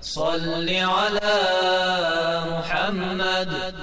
صل على محمد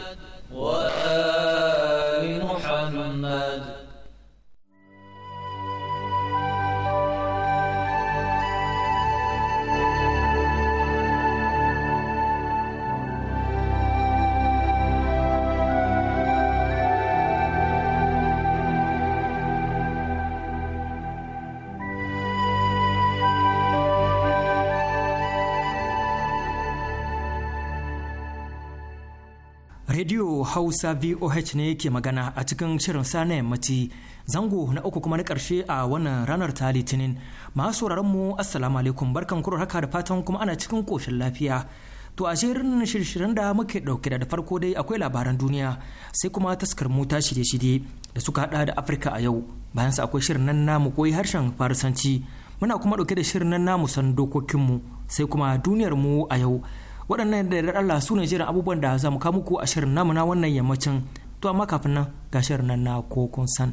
Radio Hausa VOH ne ke magana a cikin shirin sana yammaci zango na uku kuma na karshe a wannan ranar ta Litinin. Masu mu Assalamu alaikum barkan kuro haka da fatan kuma ana cikin koshin lafiya. To a shirin shirin da muke dauke da farko dai akwai labaran duniya sai kuma taskar mu ta shirye-shirye da suka hada da Afirka a yau. Bayan sa akwai shirin nan namu koyi harshen Farisanci. Muna kuma dauke da shirin nan namu san dokokinmu sai kuma duniyar mu a yau. waɗannan da da Allah su ne jiran abubuwan da za mu kawo muku a shirin namu na wannan yammacin to amma kafin nan ga shirin nan na kokon san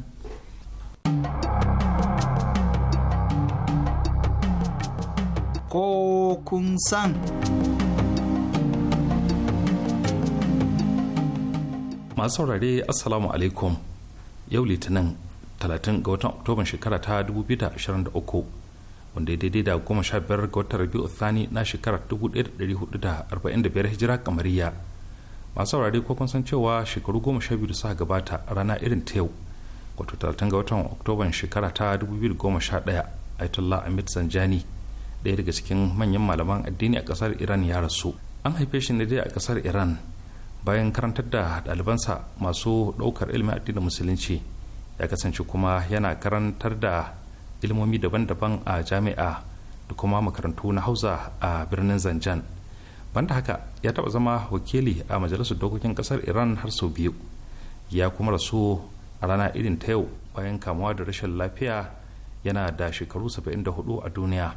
kokun san masu saurare assalamu alaikum yau litinin 30 ga watan oktoban shekara ta 2023 wanda ya daidai da goma sha biyar ga watan rabi'u thani na shekarar biyar hijira kamariya masu saurare ko kun san cewa shekaru goma sha biyu da suka gabata a rana irin ta yau wato talatin ga watan oktoban shekara ta dubu biyu da goma sha ɗaya ayatollah amit zanjani ɗaya daga cikin manyan malaman addini a ƙasar iran ya rasu an haife shi ne dai a ƙasar iran bayan karantar da ɗalibansa masu ɗaukar ilimin addinin musulunci ya kasance kuma yana karantar da ilmomi daban-daban a jami'a da kuma makarantu na hausa a birnin zanjan banda haka ya taɓa zama wakili a majalisar dokokin ƙasar iran har sau biyu ya kuma rasu a rana irin ta yau bayan kamuwa da rashin lafiya yana da shekaru 74 a duniya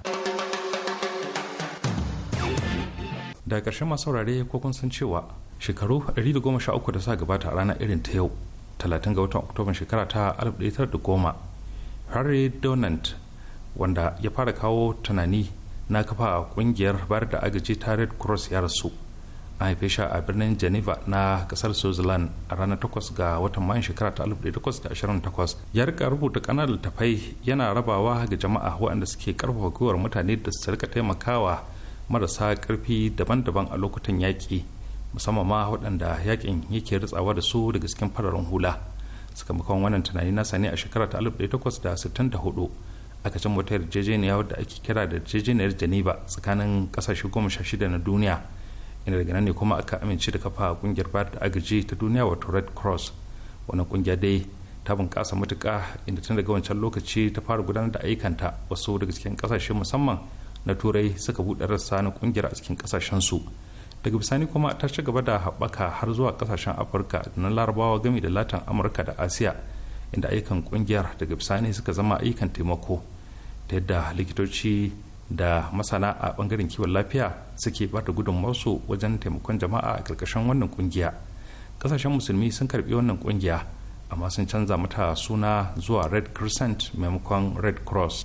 da ƙarshen masu saurare ko kun san cewa shekaru 113 da suka gabata a rana irin ta yau 30 ga watan oktoba shekara ta 1910 harry donant wanda ya fara kawo tunani na kafa kungiyar bayar da agaji ta red cross ya rasu a haife shi a birnin geneva na kasar switzerland a ranar 8 ga watan mayun shekara ta 1828 ya rika rubuta kanar littafai yana rabawa ga jama'a waɗanda suke karfafa gwiwar mutane da su rika taimakawa marasa ƙarfi daban-daban a lokutan yaƙi musamman ma waɗanda yaƙin yake ritsawa da su daga cikin fararen hula sakamakon wannan tunani nasa ne a shekara ta 1864 aka can wata yarjejeniya wadda ake kira da yarjejeniyar geneva tsakanin kasashe goma sha shida na duniya inda daga nan ne kuma aka amince da kafa kungiyar bayar da agaji ta duniya wato red cross wannan kungiya dai ta bunƙasa matuka inda tun daga wancan lokaci ta fara gudanar da ayyukanta wasu daga cikin kasashe musamman na turai suka buɗe rassa na kungiyar a cikin kasashensu su daga bisani kuma ta ci gaba da haɓaka har zuwa ƙasashen afirka da na larabawa gami da latin amurka da asiya inda ayyukan ƙungiyar daga bisani suka zama ayyukan taimako ta yadda likitoci da masana a ɓangaren kiwon lafiya suke ba da gudunmawarsu wajen taimakon jama'a a ƙarƙashin wannan ƙungiya ƙasashen musulmi sun karɓi wannan ƙungiya amma sun canza mata suna zuwa red crescent maimakon red cross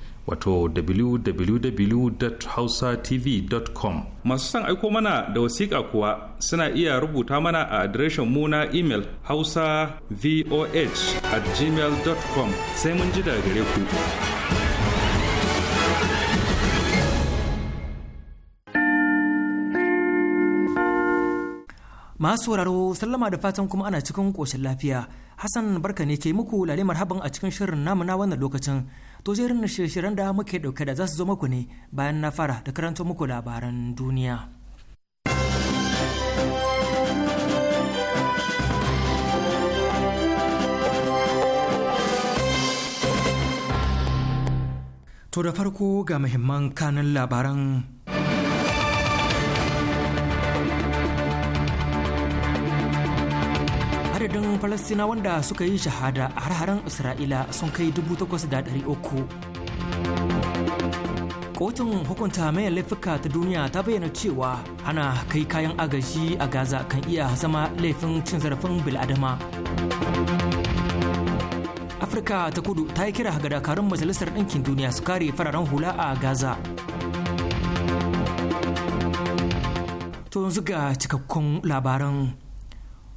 wato www.hausatv.com masu son aiko mana da wasiƙa kuwa suna iya rubuta mana a adireshin mu na imel hausa voh at gmail.com sai mun ji daga gare ku masu sauraro sallama da fatan kuma ana cikin koshin lafiya hassan barka ne ke muku lalimar haban a cikin shirin namuna na wannan lokacin to jerin shirye-shiryen da muke dauke da za su zo muku ne bayan na fara da karanto muku labaran duniya to da farko ga muhimman kanan labaran adadin falastina wanda suka yi shahada a har isra'ila sun kai dubu takwas da uku. kotun hukunta mai laifuka ta duniya ta bayyana cewa ana kai kayan agaji a gaza kan iya zama laifin cin zarafin biladama afirka ta kudu ta yi kira ga dakarun majalisar ɗinkin duniya su kare fararen hula a gaza to yanzu ga cikakkun labaran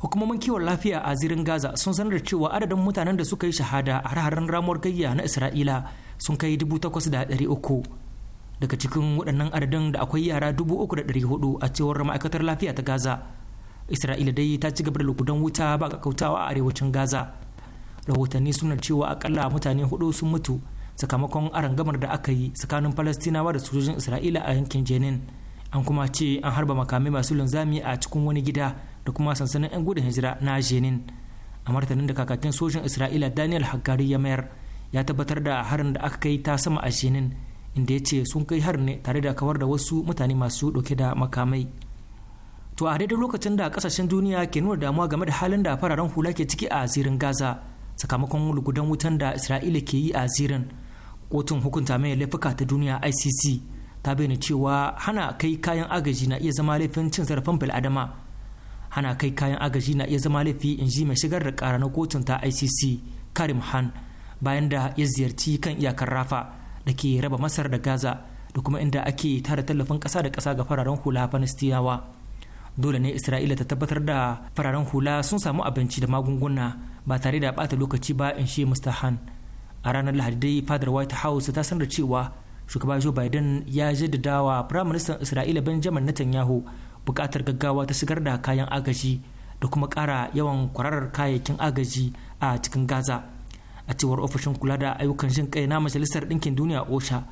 hukumomin kiwon lafiya a zirin gaza sun sanar da cewa adadin mutanen da suka yi shahada a hararen ramuwar gayya na isra'ila sun kai dubu takwas uku daga cikin waɗannan adadin da akwai yara dubu uku da ɗari hudu a cewar ma'aikatar lafiya ta gaza isra'ila dai ta ci gaba da lokudan wuta ba kautawa a arewacin gaza rahotanni suna cewa akalla mutane hudu sun mutu sakamakon arangamar da aka yi tsakanin falastinawa da sojojin isra'ila a yankin jenin an kuma ce an harba makamai masu linzami a cikin wani gida da kuma sansanin 'yan gudun hijira na jenin a martanin da kakakin sojin isra'ila daniel haggari ya mayar ya tabbatar da harin da aka kai ta sama a jenin inda ya ce sun kai harin ne tare da kawar da wasu mutane masu dauke da makamai to a daidai lokacin da kasashen duniya ke nuna damuwa game da halin da fararen hula ke ciki a zirin gaza sakamakon lugudan wutan da isra'ila ke yi a zirin kotun hukunta mai laifuka ta duniya icc ta bayyana cewa hana kai kayan agaji na iya zama laifin cin zarafin bil'adama hana kai kayan agaji na iya zama laifi in ji mai shigar da kara na kotun ta icc karim han bayan da ya ziyarci kan iyakar rafa da ke raba masar da gaza da kuma inda ake tara tallafin ƙasa da kasa ga fararen hula falastinawa dole ne isra'ila ta tabbatar da fararen hula sun samu abinci da magunguna ba tare da bata lokaci ba in shi mr han a ranar lahadi dai fadar white house ta sanar cewa shugaba joe biden ya jaddada wa firaministan isra'ila benjamin netanyahu buƙatar gaggawa ta shigar da kayan agaji da kuma ƙara yawan kwararar kayayyakin agaji a cikin gaza a cewar ofishin kula da ayyukan jin kai na majalisar ɗinkin duniya osha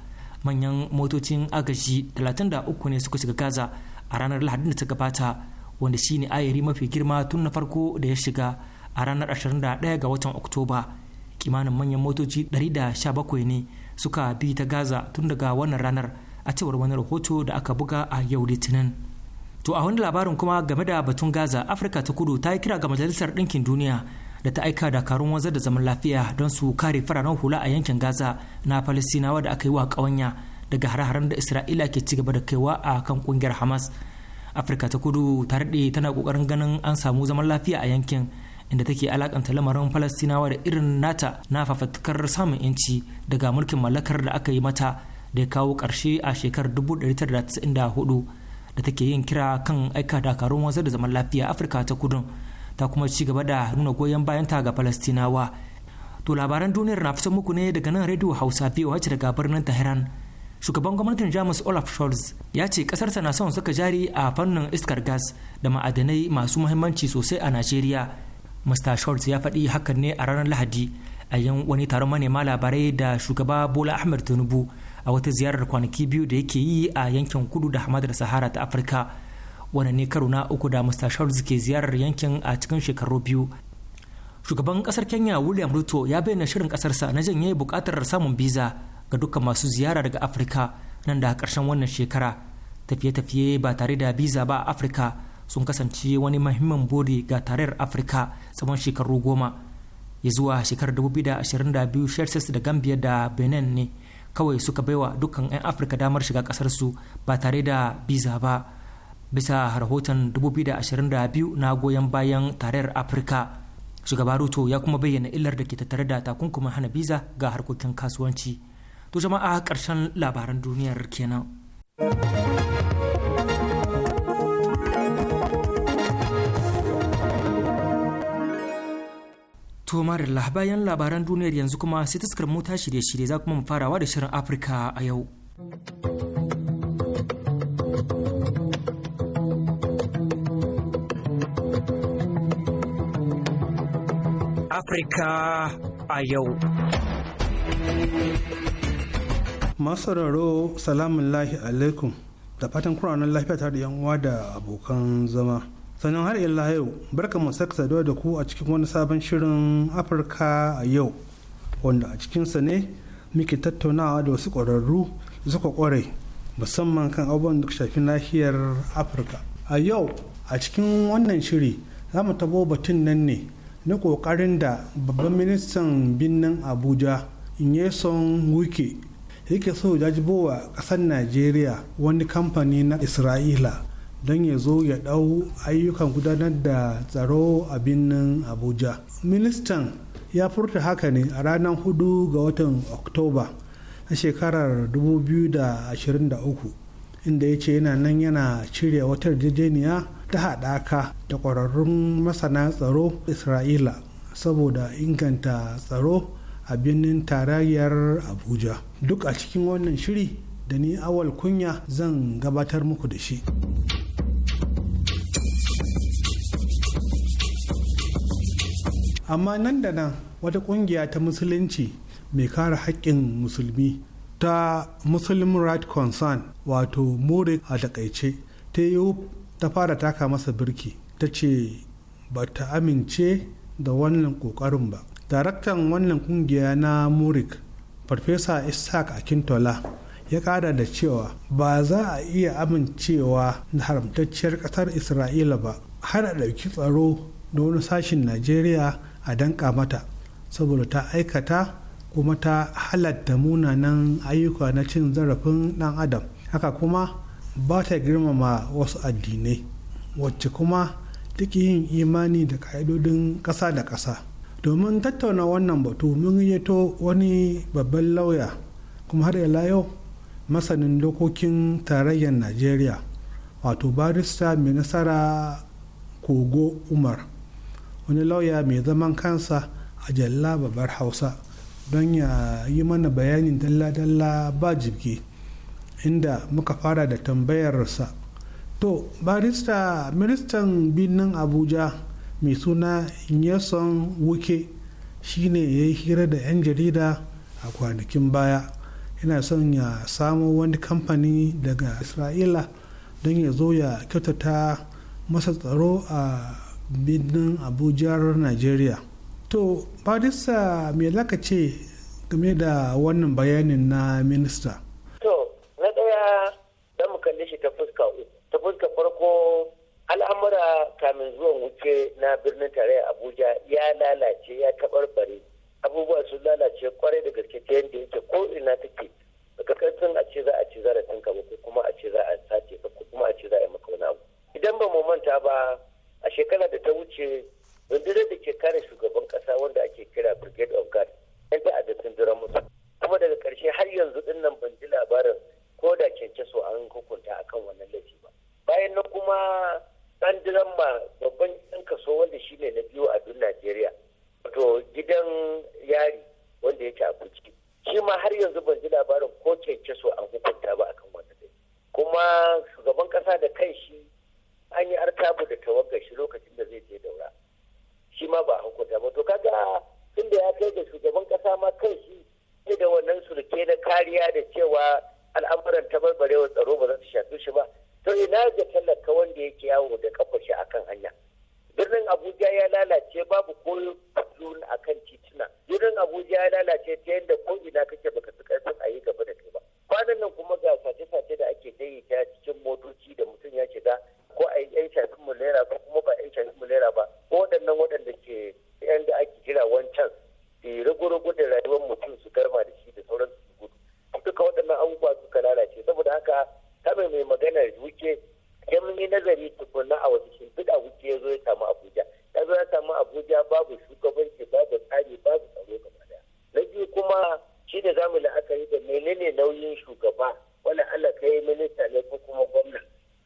manyan motocin agaji 33 ne suka shiga gaza a ranar lahadin da ta gabata wanda shine ayari mafi girma tun na farko da ya shiga a ranar 21 ga watan oktoba kimanin manyan motoci 117 ne suka bi ta gaza tun daga wannan ranar a cewar wani rahoto da aka buga a yau litinin to a wani labarin kuma game da batun gaza afirka ta kudu ta yi kira ga majalisar ɗinkin duniya da ta aika dakarun wanzar da zaman lafiya don su kare fararen hula a yankin gaza na falastinawa da aka yi wa ƙawanya daga hare-haren da isra'ila ke ci gaba da kaiwa a kan ƙungiyar hamas afirka ta kudu ta rade tana ƙoƙarin ganin an samu zaman lafiya a yankin inda take alakanta lamarin falastinawa da irin nata na fafatakar samun yanci daga mulkin mallakar da aka yi mata da ya kawo ƙarshe a shekarar 1994 da take yin kira kan aika dakarun wanzar da zaman lafiya afirka ta kudu ta kuma ci gaba da nuna goyon ta ga falastinawa to labaran duniyar na fito muku ne daga nan radio hausa voh daga birnin tehran shugaban gwamnatin jamus olaf scholz ya ce kasarsa na son saka jari a fannin iskar gas da ma'adanai masu muhimmanci sosai a najeriya mr scholz ya faɗi hakan ne a ranar lahadi a yan wani taron manema labarai da shugaba bola ahmed tinubu a wata ziyarar kwanaki biyu da yake yi a yankin kudu da hamadar sahara ta afirka wani ne karo na uku da mr charles ke ziyarar yankin a cikin shekaru biyu shugaban kasar kenya william ruto ya bayyana shirin kasarsa na janye bukatar samun biza ga duka masu ziyara daga afirka nan da karshen wannan shekara tafiye-tafiye ba tare da biza ba a afirka sun kasance wani mahimmin bori ga tarayyar afirka tsawon shekaru goma ya zuwa shekarar 2022 celsius da gambia da benin ne kawai suka baiwa dukkan 'yan afirka damar shiga kasarsu ba tare da biza ba bisa rahoton 2022 na goyon bayan tarayyar afirka shugaba ruto ya kuma bayyana illar da ke tattare da takunkumin hana biza ga harkokin kasuwanci to jama'a karshen labaran duniyar kenan To Marilla bayan labaran duniyar yanzu kuma sai taskar mota shirye-shirye za kuma mu farawa da shirin Afirka a yau. Afirka a yau. Masararo salamun lahi alaikum da fatan kuranan lafiya tare da uwa da abokan zama. sannan har illa yau barka mu sake da ku a cikin wani sabon shirin afirka a yau wanda a cikinsa ne muke tattaunawa da wasu ƙwararru suka ƙware musamman kan abubuwan da shafi nahiyar afirka a yau a cikin wannan shiri za mu tabo batun nan ne na ƙoƙarin da babban ministan birnin abuja nyeson wike yake so ya jibo wa ƙasar najeriya wani kamfani na isra'ila don ya zo ya ɗau ayyukan gudanar da tsaro a birnin abuja ministan ya furta haka ne a ranar 4 ga watan oktoba na shekarar 2023 inda ya ce yana nan yana cire wata jejeniya ta haɗaka da ƙwararrun masana tsaro isra'ila saboda inganta tsaro a birnin tarayyar abuja duk a cikin wannan shiri da ni awal kunya zan gabatar muku da shi. amma nan da nan wata kungiya ta musulunci mai kare haƙƙin musulmi ta muslim right concern wato more a takaice ta yi ta fara taka masa birki ta ce ba ta amince da wannan ƙoƙarin ba daraktan wannan kungiya na murik farfesa isaac akintola ya kada da cewa ba za a iya amincewa da haramtacciyar kasar isra'ila ba har a ɗauki tsaro da wani sashen najeriya a danka mata saboda ta aikata kuma ta halatta munanan ayyuka na cin zarafin dan adam haka kuma ba ta girmama wasu addinai wacce kuma duk yin imani da ka'idodin ƙasa da ƙasa domin tattauna wannan batu mun yi to wani babban lauya kuma har ila yau masanin dokokin tarayyar najeriya wato barista mai nasara kogo umar wani lauya mai zaman kansa a jalla babbar hausa don ya yi mana bayanin dalla-dalla ba jibge inda muka fara da tambayarsa to barista ministan birnin abuja mai suna nyeson wuke shine ya yi hira da 'yan jarida a kwanakin baya yana son ya samo wani kamfani daga isra'ila don ya zo ya kyautata masa tsaro a birnin abuja nigeria to barista me laka ce game da wannan bayanin na minista to na daya da mu kalli shi ta fuska ta fuska farko al'amura kamin zuwan wuce na birnin tarayya abuja ya lalace ya tabarbare abubuwa sun lalace kwarai da gaske ta yadda yake ko ina take daga karfin a ce za a ci zarafin ko kuma a ce za a sace ko kuma a ce za a yi maka idan ba mu manta ba a shekara da ta wuce rundunar da ke kare shugaban kasa wanda ake kira brigade of guard yan ta'adda sun musu kuma daga karshe har yanzu din nan ban ji labarin ko da kenkeso an hukunta akan wannan laifi ba bayan na kuma dan ma babban dan kaso wanda shine na biyu a duniya. najeriya wato gidan yari wanda yake a kuci shi ma har yanzu ban ji labarin ko kyankyaso an hukunta ba akan wannan laifi kuma shugaban kasa da kai shi an yi artabu da tawaggar shi lokacin da zai je daura shi ma ba hukunta ba to kaga tun da ya kai da shugaban kasa ma kan shi ne da wannan surke na kariya da cewa al'amuran tabarbarewar tsaro ba za su shafi shi ba to ina ga talaka wanda yake yawo da kafa shi akan hanya birnin abuja ya lalace babu koyo a kan tituna birnin abuja ya lalace ta yadda ko ina kake baka fi karfin a yi gaba da kai ba kwanan nan kuma ga sace-sace da ake daidaita cikin motoci da mutum ya shiga ko a yi hiv malaria ko kuma ba hiv naira ba ko waɗannan waɗanda ke yan da ake kira wancan su yi rugu da rayuwar mutum su garma da shi da sauran su gudu duka waɗannan abubuwa suka lalace saboda haka kamar mai magana da wuce yan yi nazari tukunna a wasu shimfiɗa wuce ya zo ya samu abuja ya zo ya samu abuja babu shugabanci babu tsari babu tsaro gaba ɗaya na biyu kuma shi da zamu la'akari da menene nauyin shugaba wani Allah kai minista ne ko kuma gwamna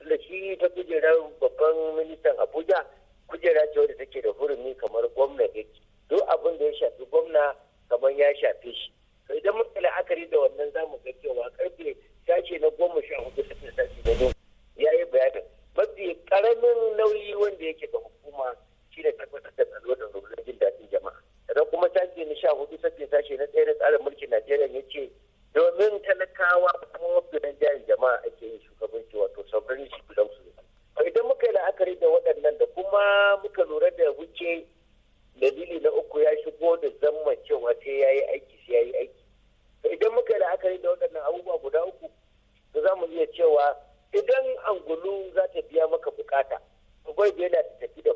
da shi ta kujerar babban ministan abuja kujera ce wadda take da hurumi kamar gwamna yake duk abin da ya shafi gwamna kamar ya shafe shi to idan muka la'akari da wannan za mu ga cewa karfe sashe na goma sha hudu ta sashe na biyu ya yi bayanin mafi karamin nauyi wanda yake ga hukuma shi ne tabbatar da tsaro da rubutun jin daɗin jama'a sannan kuma sashe na sha hudu sashe na ɗaya na tsarin mulkin najeriya ya ce domin talakawa kuma na jari jama'a ake yin shugabanci wato sovereign shi belongs ba idan muka yi la'akari da waɗannan da kuma muka lura da wuce dalili na uku ya shigo da zama cewa sai ya yi aiki sai ya yi aiki idan muka yi la'akari da waɗannan abubuwa guda uku to za mu iya cewa idan angulu za ta biya maka bukata gwai da ta tafi da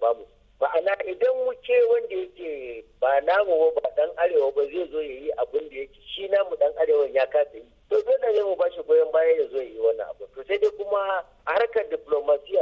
ta mu ma'ana idan wuce wanda yake ba namu ba dan arewa ba zai zo yayi yi abin da yake shi namu dan arewa ya kasa yi to dole ne mu bashi goyon baya ya zo ya yi wannan abu to sai dai kuma harkar diplomasi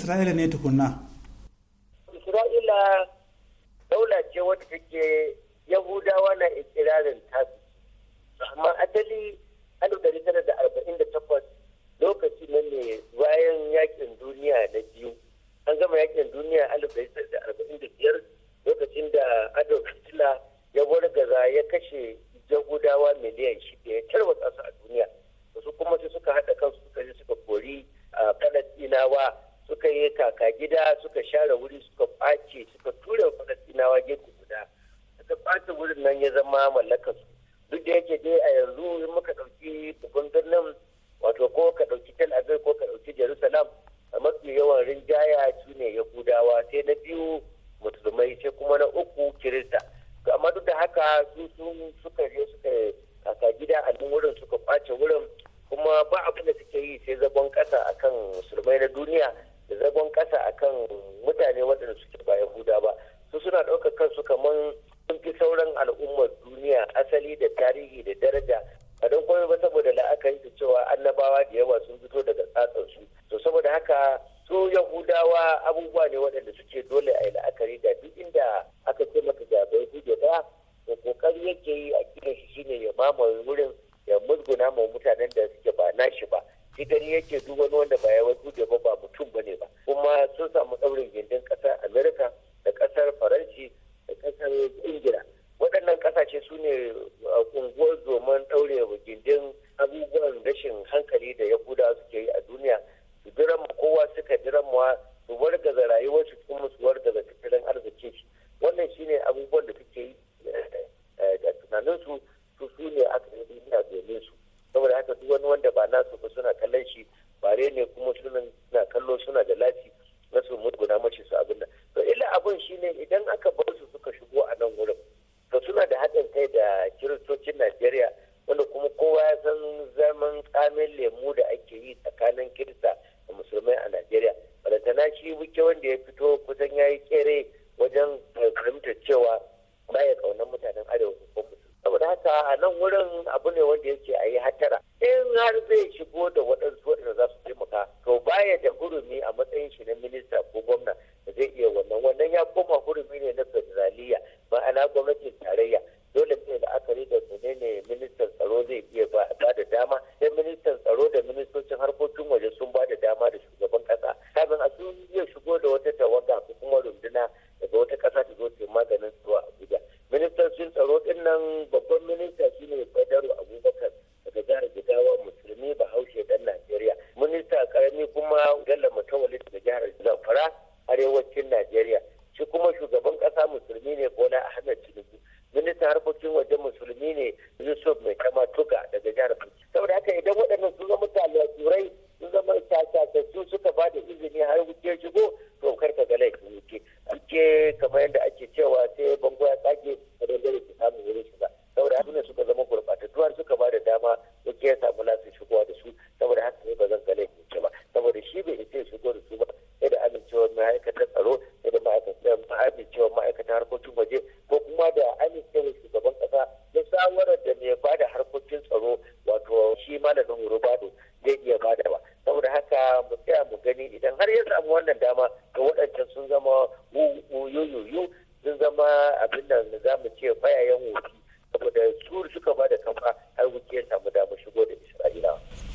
isra'ila ne tukunna isra'ila daula ce wadda take yahudawa na ikirarin tasu amma asali 1948 lokaci na ne bayan yakin duniya na biyu an gama yakin duniya 1945 lokacin da adolf hitler ya wargaza ya kashe yahudawa miliyan shida ya tarwatsa su a duniya su kuma sai suka haɗa kansu suka je suka kori a ah, palestinawa suka yi kaka gida suka share wuri suka ɓace suka tura falastinawa gefe guda suka ɓace wurin nan ya zama mallakar su duk da yake dai a yanzu in muka ɗauki bugun birnin wato ko ka ɗauki tel aviv ko ka ɗauki jerusalem a mafi yawan rinjaya su ne ya gudawa sai na biyu musulmai sai kuma na uku kirista amma duk da haka su sun suka je suka kaka gida a nan wurin suka ɓace wurin kuma ba abin da suke yi sai zagon ƙasa akan musulmai na duniya da zagon ƙasa akan mutane waɗanda suke ba yahuda ba su suna ɗaukar kansu kamar sun fi sauran al'ummar duniya asali da tarihi da daraja a don komai ba saboda la'akari da cewa annabawa da yawa sun fito daga su to saboda haka su yahudawa abubuwa ne waɗanda suke dole a yi la'akari da duk inda aka ce maka da bai huje ba to kokari yake yi a kiran shi shine ya mamaye wurin ya musguna ma mutanen da suke ba nashi ba idan yake duk wani wanda ba ya wasu ba ba mutum ba ne ba kuma sun samu ɗaurin gindin ƙasar amerika da ƙasar faransi da ƙasar ingila waɗannan ƙasashe su ne kunguwar domin ɗaure gindin abubuwan rashin hankali da ya yahuda suke yi a duniya su diran kowa suka diran su wargaza rayuwarsu kuma su wargaza tattalin arziki shi wannan shine abubuwan da suke yi eh, eh, a tunaninsu su su ne aka yi duniya domin su saboda haka duk wani wanda ba nasu ba suna kallon shi bare ne kuma suna kallo suna da lati na su muguna mace su abin nan to illa abin shine idan aka bar su suka shigo a nan wurin to suna da haɗin kai da kiristocin najeriya wanda kuma kowa ya san zaman tsamin lemu da ake yi tsakanin kirista da musulmai a najeriya balantana shi buke wanda ya fito kusan ya yi kere wajen fahimtar cewa baya kaunar mutanen arewa ko musulmi saboda haka a nan wurin abu ne wanda yake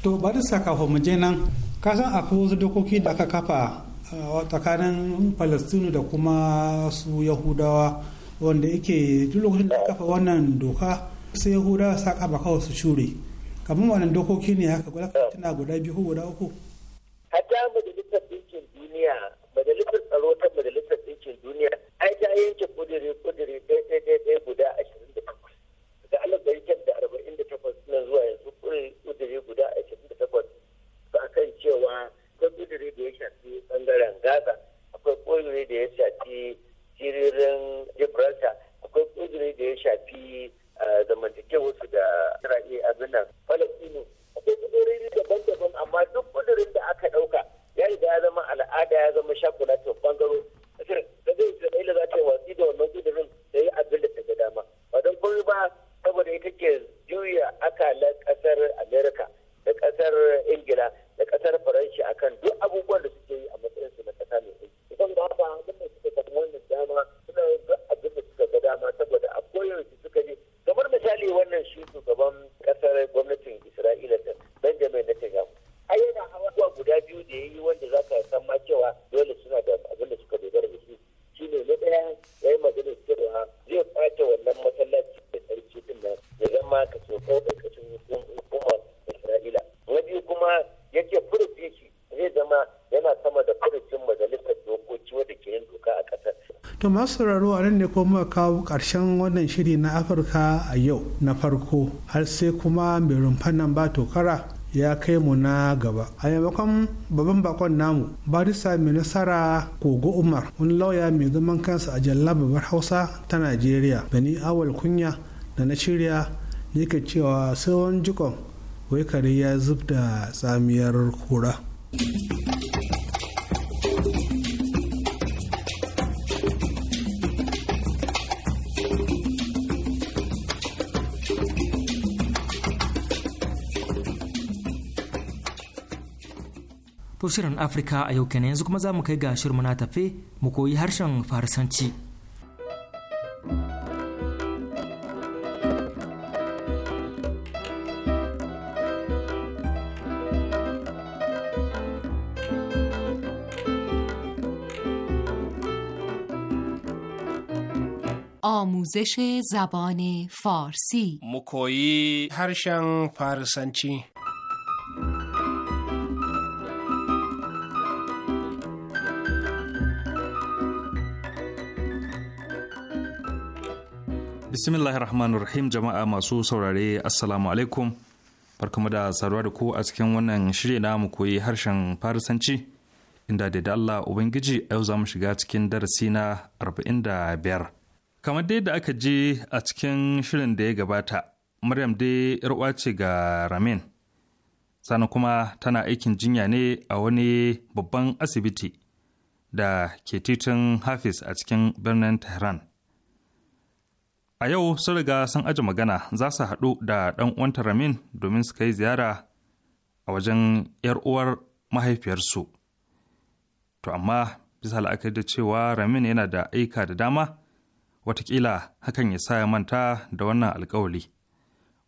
to bari sakafa mu je nan kasan akwai wasu dokoki da aka kafa eh, tsakanin palestinu da kuma su yahudawa wanda yake duk lokacin da kafa wannan doka sai yahudawa sa kaba kawai su shure kamar wannan dokoki ne haka gwada tana guda biyu guda uku hatta masu sauraro a nan ne ko muka kawo ƙarshen wannan shiri na afirka a yau na farko har sai kuma mai rumfan nan ba tokara ya kai mu na gaba a yamakon babban bakon namu barista mai nasara kogo umar wani lauya mai zaman kansa a jalla babbar hausa ta najeriya bani awal kunya da na shirya yake cewa sai wani jikon wai kare ya zub da tsamiyar kura. To shirin Afirka a yau kenan yanzu kuma za mu kai ga shirin na tafe mu koyi harshen Farisanci. آموزش زبان فارسی مکویی هرشن فارسنچی bismillahir rahmanir rahim jama'a masu saurare assalamu alaikum barkamu da saruwa da ku a cikin wannan shirya na mu koyi harshen farisanci inda da Allah ubangiji yau za mu shiga cikin darasi na arba'in da biyar. kamar dai da aka ji a cikin shirin da ya gabata maryam dai uwa ce ga ramin sannan kuma tana aikin jinya ne a wani babban asibiti da ke titin hafiz a cikin birnin tehran a yau sun riga sun aji magana za su haɗu da ɗan uwanta ramin domin su kai ziyara a wajen 'yar uwar mahaifiyarsu to amma bisa la'akari da cewa ramin yana da aika da dama watakila hakan ya sa ya manta da wannan alkawali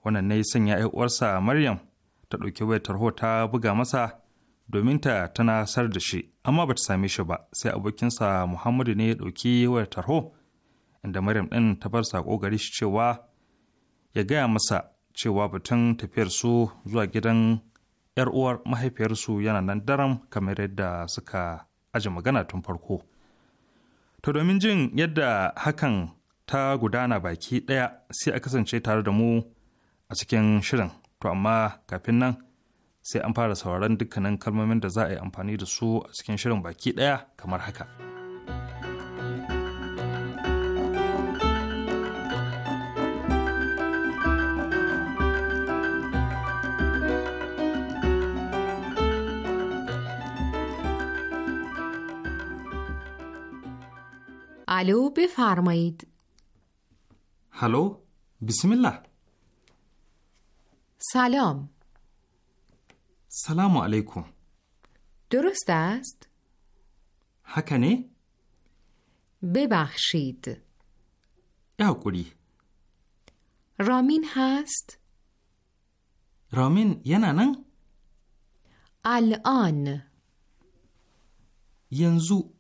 wannan ne sanya 'yar uwarsa maryam ta ɗauki wayar tarho ta buga masa domin ta tana sar da shi amma ba ta same shi ba sai abokinsa muhammadu ne ya ɗauki wayar tarho inda Maryam ɗin ta bar sako gari shi cewa ya gaya masa cewa batun tafiyar su zuwa gidan ‘yar uwar mahaifiyarsu yana nan daram kamar yadda suka aji magana tun farko. To domin jin yadda hakan ta gudana baki ɗaya sai a kasance tare da mu a cikin shirin. To amma kafin nan sai an fara sauraron dukkanin kalmomin da za a yi amfani da su a cikin shirin baki ɗaya kamar haka. الو بفرمایید هلو بسم الله سلام سلام علیکم درست است؟ حکنه؟ ببخشید کلی رامین هست؟ رامین یه ننن؟ الان ینزو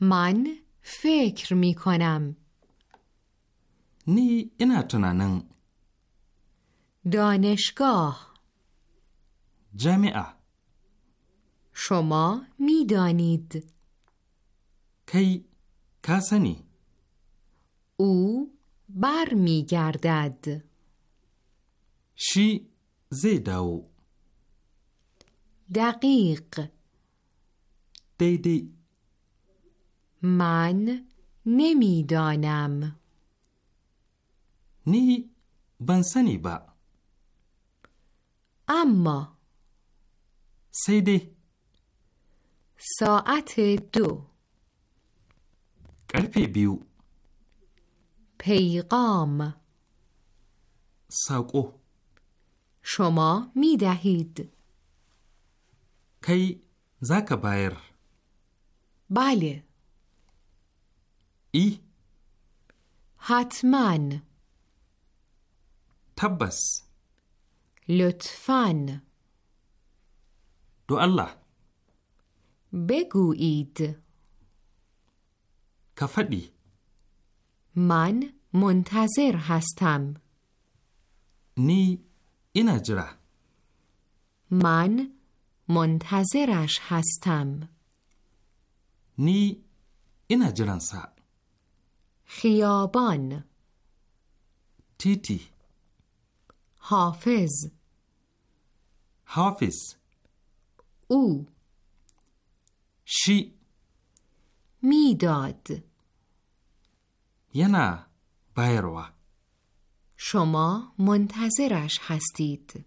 من فکر می کنم نی اینا تنانن دانشگاه جمعه. شما میدانید کی کسنی او بر می گردد شی دقیق دیدی من نمیدانم نی بنسنی با اما سیده ساعت دو کلپی بیو پیغام ساقو شما می دهید کی زاک بایر بله ای حتما تبس لطفا دو الله بگویید کفدی من منتظر هستم نی این اجرا من منتظرش هستم نی این اجرانسا خیابان تیتی حافظ حافظ او شی میداد ینا بایروا شما منتظرش هستید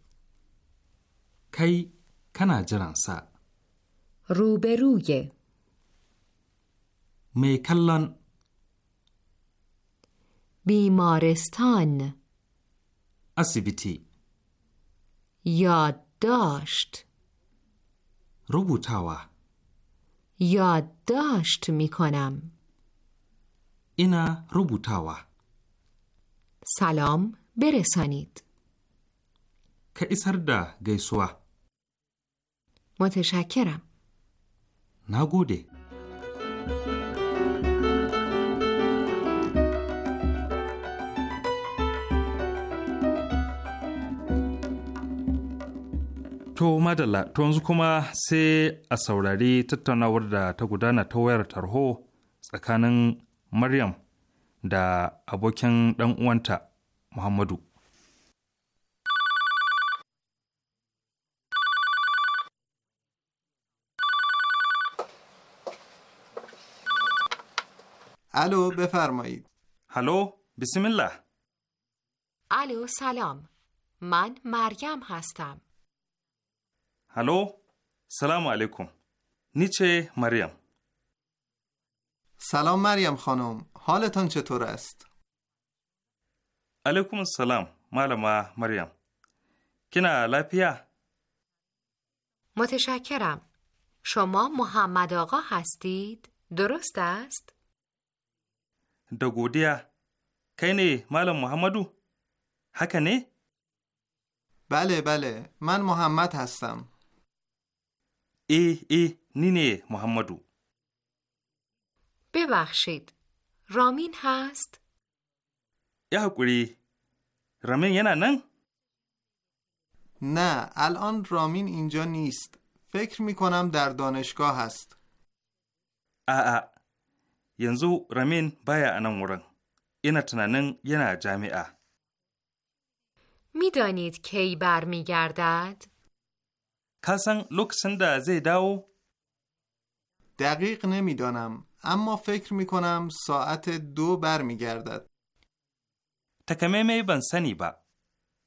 کی کنا جرانسا روبروی کلن بیمارستان اسیبیتی یاد داشت روبوتاوا یاد داشت می کنم اینا روبوتاوا سلام برسانید که ایسر ده گیسوا متشکرم نگوده To madalla, to yanzu kuma sai a saurari tattaunawar da ta gudana ta wayar tarho tsakanin Maryam da abokin dan uwanta Muhammadu. الو بفرمایید هلو بسم Alo, الو man Maryam مریم هلو سلام علیکم نیچه مریم سلام مریم خانم حالتان چطور است؟ علیکم السلام معلم مریم کنا لپیا متشکرم شما محمد آقا هستید؟ درست است؟ دا گودیا معلم محمدو؟ حکنه؟ بله بله من محمد هستم ای ای نینه محمدو ببخشید رامین هست؟ یه حکوری رامین یه نن؟ نه الان رامین اینجا نیست فکر می کنم در دانشگاه هست آآ ینزو رامین بایا انن ورن اینا تنانن یه جامعه میدانید کی گردد؟ کسان لوکسن دا زی داو؟ دقیق نمیدانم اما فکر می کنم ساعت دو برمیگردد. تکمه بن سنی با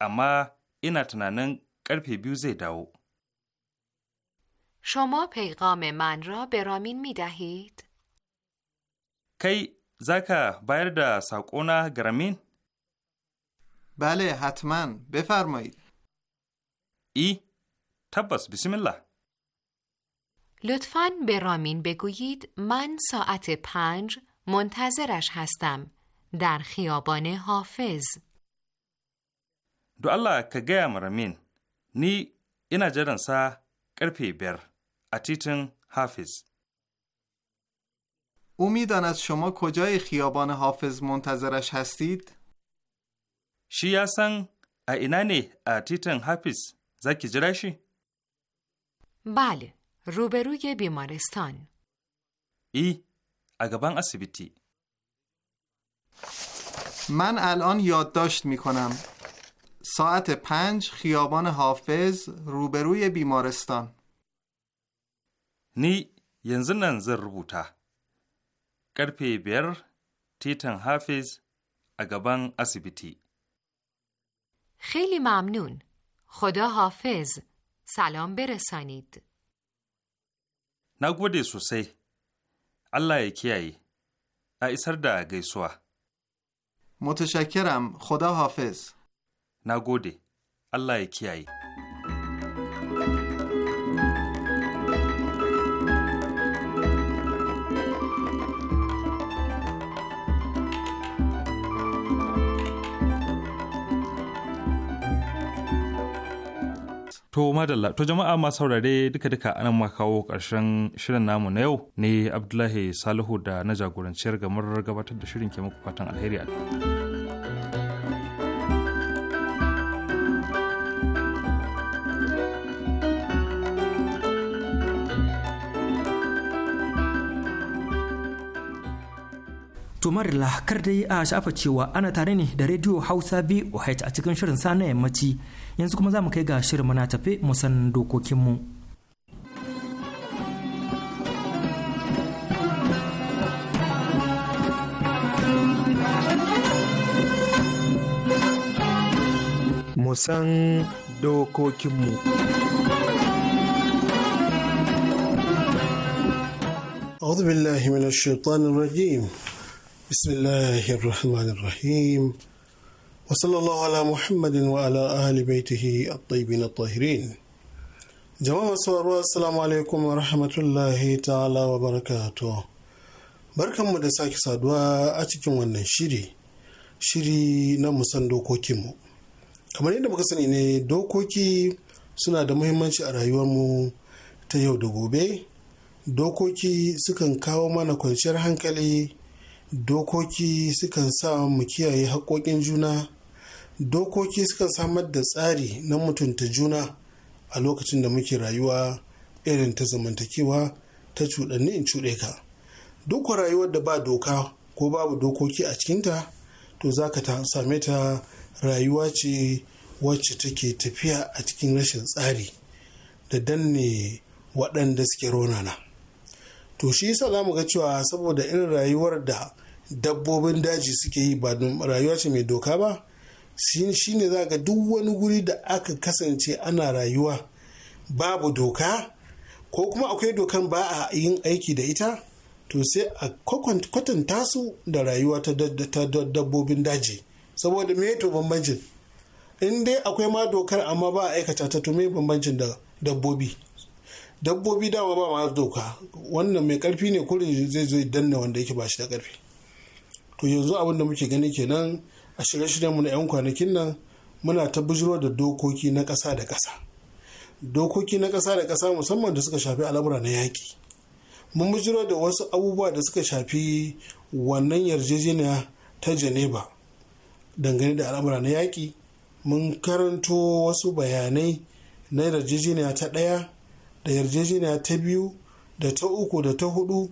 اما اینا تنانن karfe بیو زی داو. شما پیغام من را به رامین می دهید؟ کی زکا بایر دا ساکونا گرامین؟ بله حتما بفرمایید. ای تبس بسم الله لطفاً به رامین بگویید من ساعت پنج منتظرش هستم در خیابان حافظ دو الله که گیم رامین نی اینا سا قرپی بر اتیتن حافظ او میداند شما کجای خیابان حافظ منتظرش هستید؟ شی اینانی اتیتن حافظ زکی جراشی. بله روبروی بیمارستان ای اگبان اسیبیتی من الان یادداشت می کنم ساعت پنج خیابان حافظ روبروی بیمارستان نی ینزنن زر روبوتا کرپی بیر تیتن حافظ اگبان اسیبیتی خیلی ممنون خدا حافظ سلام برسانید. نگوده سوسی. الله کیایی. ایسر دا گیسوا. متشکرم. خدا حافظ. نگوده. الله کیایی. To madalla, to jama'a masu saurare duka-duka anan ma kawo ƙarshen shirin namu na yau ne Abdullahi Salihu da na jagoranciyar gamar gabatar da shirin ke muku fatan alheri. Tomarila kar dai a shafa cewa ana tare ne da Radio Hausa oh a cikin shirin sa na yammaci yanzu kuma za mu kai ga shirin mana tafe san dokokinmu. Musan dokokinmu. أعوذ بالله من الشيطان الرجيم بسم الله الرحمن الرحيم وصلى الله على محمد وعلى آل بيته الطيبين الطاهرين jama'a sauraro assalamu alaikum wa rahmatullahi ta'ala wa barakatuh barkanmu da sake saduwa a cikin wannan shiri shiri na musan dokokinmu kamar yadda muka sani ne dokoki suna da muhimmanci a rayuwarmu ta yau da gobe dokoki sukan kawo mana kwanciyar hankali dokoki sukan sa mu kiyaye haƙoƙin juna dokoki sukan samar da tsari na mutunta juna a lokacin da muke rayuwa irin ta zamantakewa ta cuɗanni in cuɗe ka duk rayuwar da ba doka ko babu dokoki a cikinta to za ka same ta rayuwa ce wacce take tafiya a cikin rashin tsari da danne waɗanda suke ronana to shi yasa za mu ga cewa saboda irin rayuwar da dabbobin daji suke yi ba rayuwa ce mai doka ba shi ne za ga duk wani guri da aka kasance ana rayuwa babu doka ko kuma akwai dokan ba a yin aiki da ita to sai a kwatanta su da rayuwa ta dabbobin daji saboda me to bambancin in dai akwai ma dokar amma ba a aikata ta to me bambancin da dabbobi dabbobi dama ba masu doka wannan mai karfi ne kurin zai zo danna wanda yake ba shi da karfi to yanzu abin da muke gani kenan a shirye mu na 'yan kwanakin nan muna ta bujiro da dokoki na ƙasa da kasa dokoki na ƙasa da kasa musamman da suka shafi al'amura na yaƙi mun bujiro da wasu abubuwa da suka shafi wannan yarjejeniya ta geneva dangane da al'amura na yaƙi mun karanto wasu bayanai na yarjejeniya ta ɗaya da yarjejeniya ta biyu da ta uku da ta hudu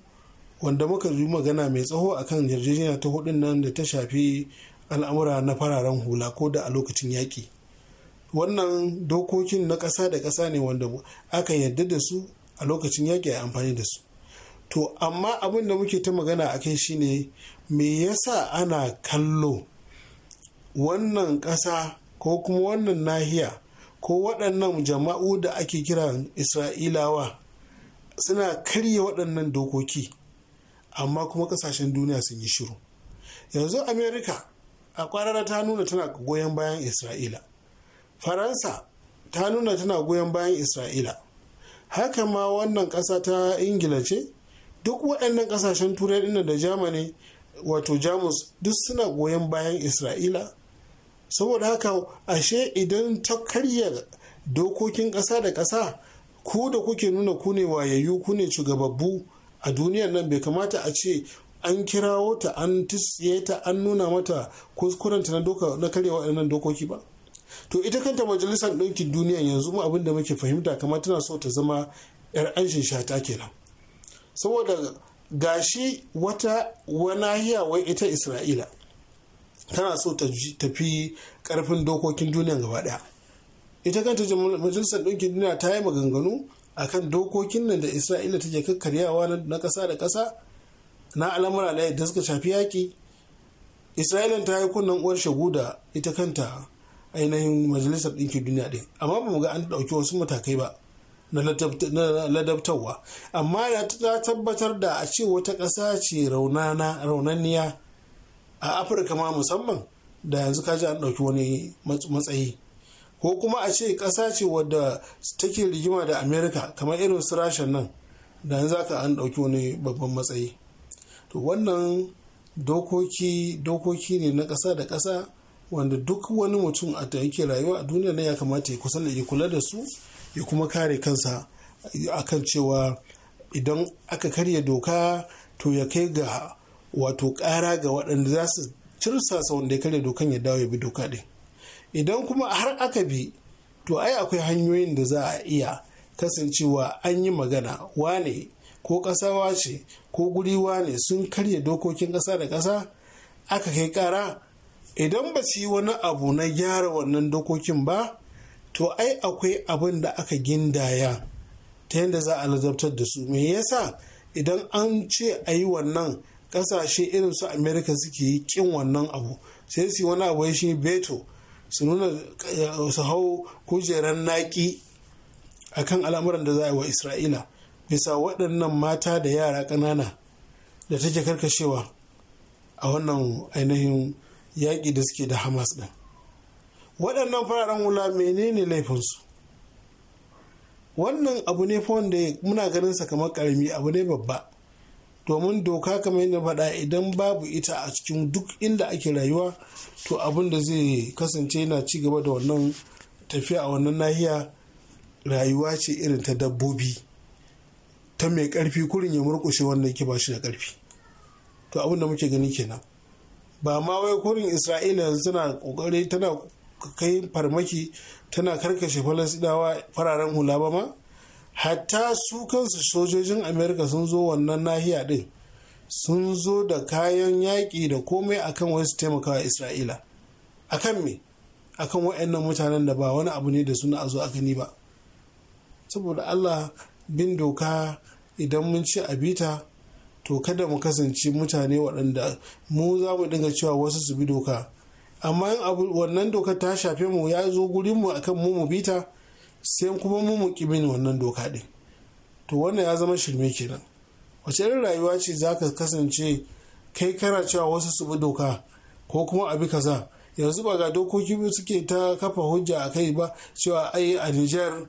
wanda muka yi magana mai tsaho akan yarjejeniya ta hudun nan da ta shafi al'amura na fararen hula ko da a lokacin yaƙi wannan dokokin na ƙasa da ƙasa ne wanda aka yarda da su a lokacin yaƙi a amfani da su to amma abin da muke ta magana a kai shine me yasa ana kallo wannan ƙasa ko kuma wannan nahiya ko waɗannan jama'u da ake kira isra'ilawa suna karya waɗannan dokoki amma kuma ƙasashen duniya sun yi shiru yanzu amerika a ƙwararra ta nuna tana goyon bayan isra'ila faransa ta nuna tana goyon bayan isra'ila haka ma wannan ƙasa ta ingila ce duk waɗannan ƙasashen turai da Jamani wato jamus duk suna goyon bayan isra'ila saboda haka ashe idan ta karya dokokin ƙasa da ƙasa ku da kuke nuna ku ne wayayyu ku ne shugababbu a duniyar nan bai kamata a ce an kirawo ta an tsiye ta an nuna mata kuskurenta na doka na karya waɗannan dokoki ba to ita kanta majalisar ɗaukin duniya yanzu mu abin da muke fahimta kamar tana so ta zama yar anshin shata kenan saboda gashi wata wanahiya wai ita isra'ila tana so ta tafi karfin dokokin duniya gaba daya ita kanta majalisar ɗinkin duniya ta yi maganganu akan dokokin nan da isra'ila take kakkaryawa na ƙasa da ƙasa na al'amura da yadda suka shafi yaƙi isra'ila ta yi kunnen uwar shagu da ita kanta ainihin majalisar ɗinkin duniya ɗin amma ba mu ga an ɗauki wasu matakai ba na ladabtarwa amma ya ta tabbatar da a ce wata ƙasa ce raunana raunanniya a afirka ma musamman da yanzu kaji an ɗauki wani matsayi ko kuma a ce ƙasa ce wadda take rigima da amerika kamar irin su rashin nan da yanzu aka an ɗauki wani babban matsayi to wannan dokoki dokoki ne na ƙasa da kasa wanda duk wani mutum a yake rayuwa a duniya na ya kamata ya kusan ya kula da su ya kuma kare kansa akan cewa idan aka karya doka to ya kai ga wato ƙara ga waɗanda za su sasa wanda ya karya dokan ya dawo ya bi doka ɗin idan kuma har aka bi to ai akwai hanyoyin da za a iya kasancewa an yi magana wane ko ƙasa ce ko guri wane sun karya dokokin ƙasa da ƙasa aka kai ƙara idan ba su yi wani abu na gyara wannan dokokin ba to ai akwai abin da aka gindaya ta yadda za a ladabtar da su me yasa idan an ce a yi wannan kasashe irin su america suke yi kin wannan abu sai su wani abu ya shi beto su nuna eh, su hau kujerar naki kan al'amuran da za a yi wa isra'ila bisa waɗannan mata da yara ƙanana da take karkashewa a wannan ainihin yaƙi da suke da hamas ɗin waɗannan fararen wula menene laifinsu wannan abu ne fa wanda muna ganin sa kamar karami abu ne babba domin doka kamar yadda faɗa idan babu ita a cikin duk inda ake rayuwa to abin da zai kasance yana ci gaba da wannan tafiya a wannan nahiya rayuwa ce irin ta dabbobi ta mai ƙarfi kurin ya murkushe wannan ke ba shi da ƙarfi to abin da muke gani kenan ba ma wai kurin isra'ila tana kokari tana kai farmaki tana karkashe falasɗawa fararen hula ba ma hatta su kansu sojojin amerika sun zo wannan nahiya din sun zo da kayan yaƙi da komai akan wasu taimakawa isra'ila akan me akan wa'annan mutanen da ba wani abu ne da suna a zo a gani ba saboda allah bin doka idan mun ci abita to kada mu kasance mutane waɗanda mu za mu dinga cewa wasu su bi doka amma abu wannan doka ta shafe mu ya zo gurinmu akan mu mu bita sai kuma mu mu wannan doka ɗin to wannan ya zama shirme kenan wace irin rayuwa ce za ka kasance kai kana cewa wasu su bi doka ko kuma abi kaza yanzu ba ga dokoki suke ta kafa hujja a kai ba cewa ai a Nijar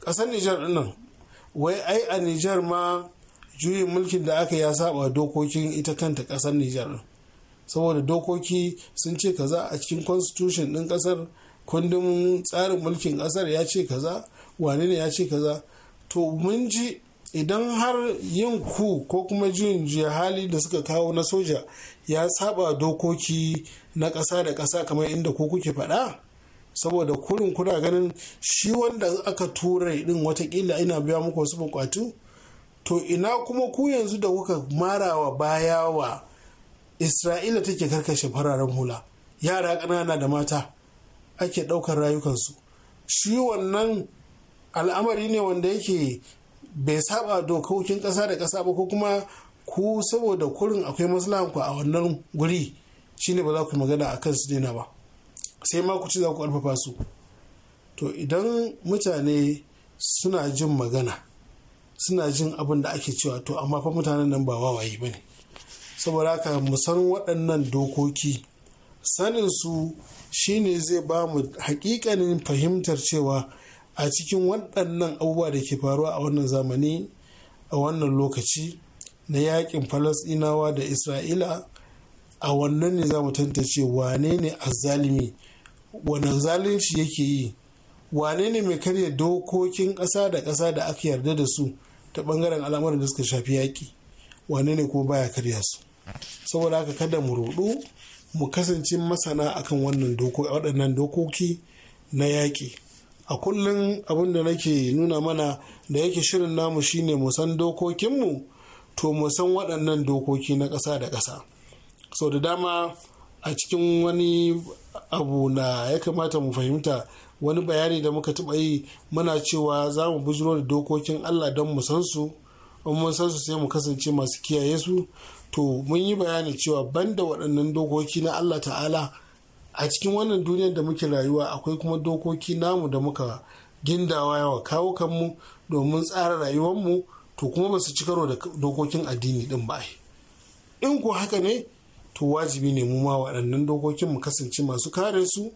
ƙasar Nijar nan wai ai a niger ma juyin mulkin da aka ya saba dokokin ita kanta ƙasar Nijar saboda dokoki sun ce kaza a cikin constitution ɗin ƙasar kundin tsarin mulkin kasar ya ce kaza wane ne ya ce kaza to mun ji idan har yin ku ko kuma jin hali da suka kawo na soja ya saba dokoki na ƙasa da ƙasa kamar inda ko kuke faɗa saboda kurin kuna ganin shi wanda aka tura din watakila ina biya muku wasu buƙatu to ina kuma ku yanzu da kuka marawa baya wa isra'ila take karkashe fararen hula yara ƙanana da mata ake ɗaukar rayukansu shi wannan al'amari ne wanda yake bai saba dokokin ƙasa da ƙasa ba ko kuma ku saboda kurin akwai maslahanku a wannan guri shine ba za ku magana a kan su daina ba sai ma ku ci za ku ƙarfafa su to idan mutane suna jin magana suna jin abin da ake cewa to amma fa mutanen nan ba wawaye ba ne saboda haka mu san waɗannan dokoki sanin su ne zai ba mu hakikanin fahimtar cewa a cikin waɗannan abubuwa da ke faruwa a wannan zamani a wannan lokaci na yakin falasɗinawa da isra'ila a wannan ne za mu tantance wane ne azzalimi wane zalunci yake yi wane ne mai karya dokokin ƙasa da ƙasa da aka yarda da su ta ɓangaren alamar da suka shafi yaƙi wane ne kuma baya karya su saboda haka kada mu ruɗu mu kasance masana akan wannan waɗannan dokoki na yaƙi a kullum abin da nake nuna mana da yake shirin namu shine mu san dokokinmu to mu san waɗannan dokoki na ƙasa da ƙasa sau da dama a cikin wani abu na ya kamata mu fahimta wani bayani da muka taɓa yi muna cewa za mu bujiro da dokokin allah don mu in mun san su sai mu kasance masu kiyaye su to mun yi bayani cewa banda waɗannan dokoki na Allah ta'ala a cikin wannan duniyar da muke rayuwa akwai kuma dokoki namu da muka gindawa yawa kawo kanmu domin tsara rayuwarmu to kuma ba su ci karo da dokokin addini din ba in ko haka ne to wajibi ne mu ma waɗannan dokokin mu kasance masu kare su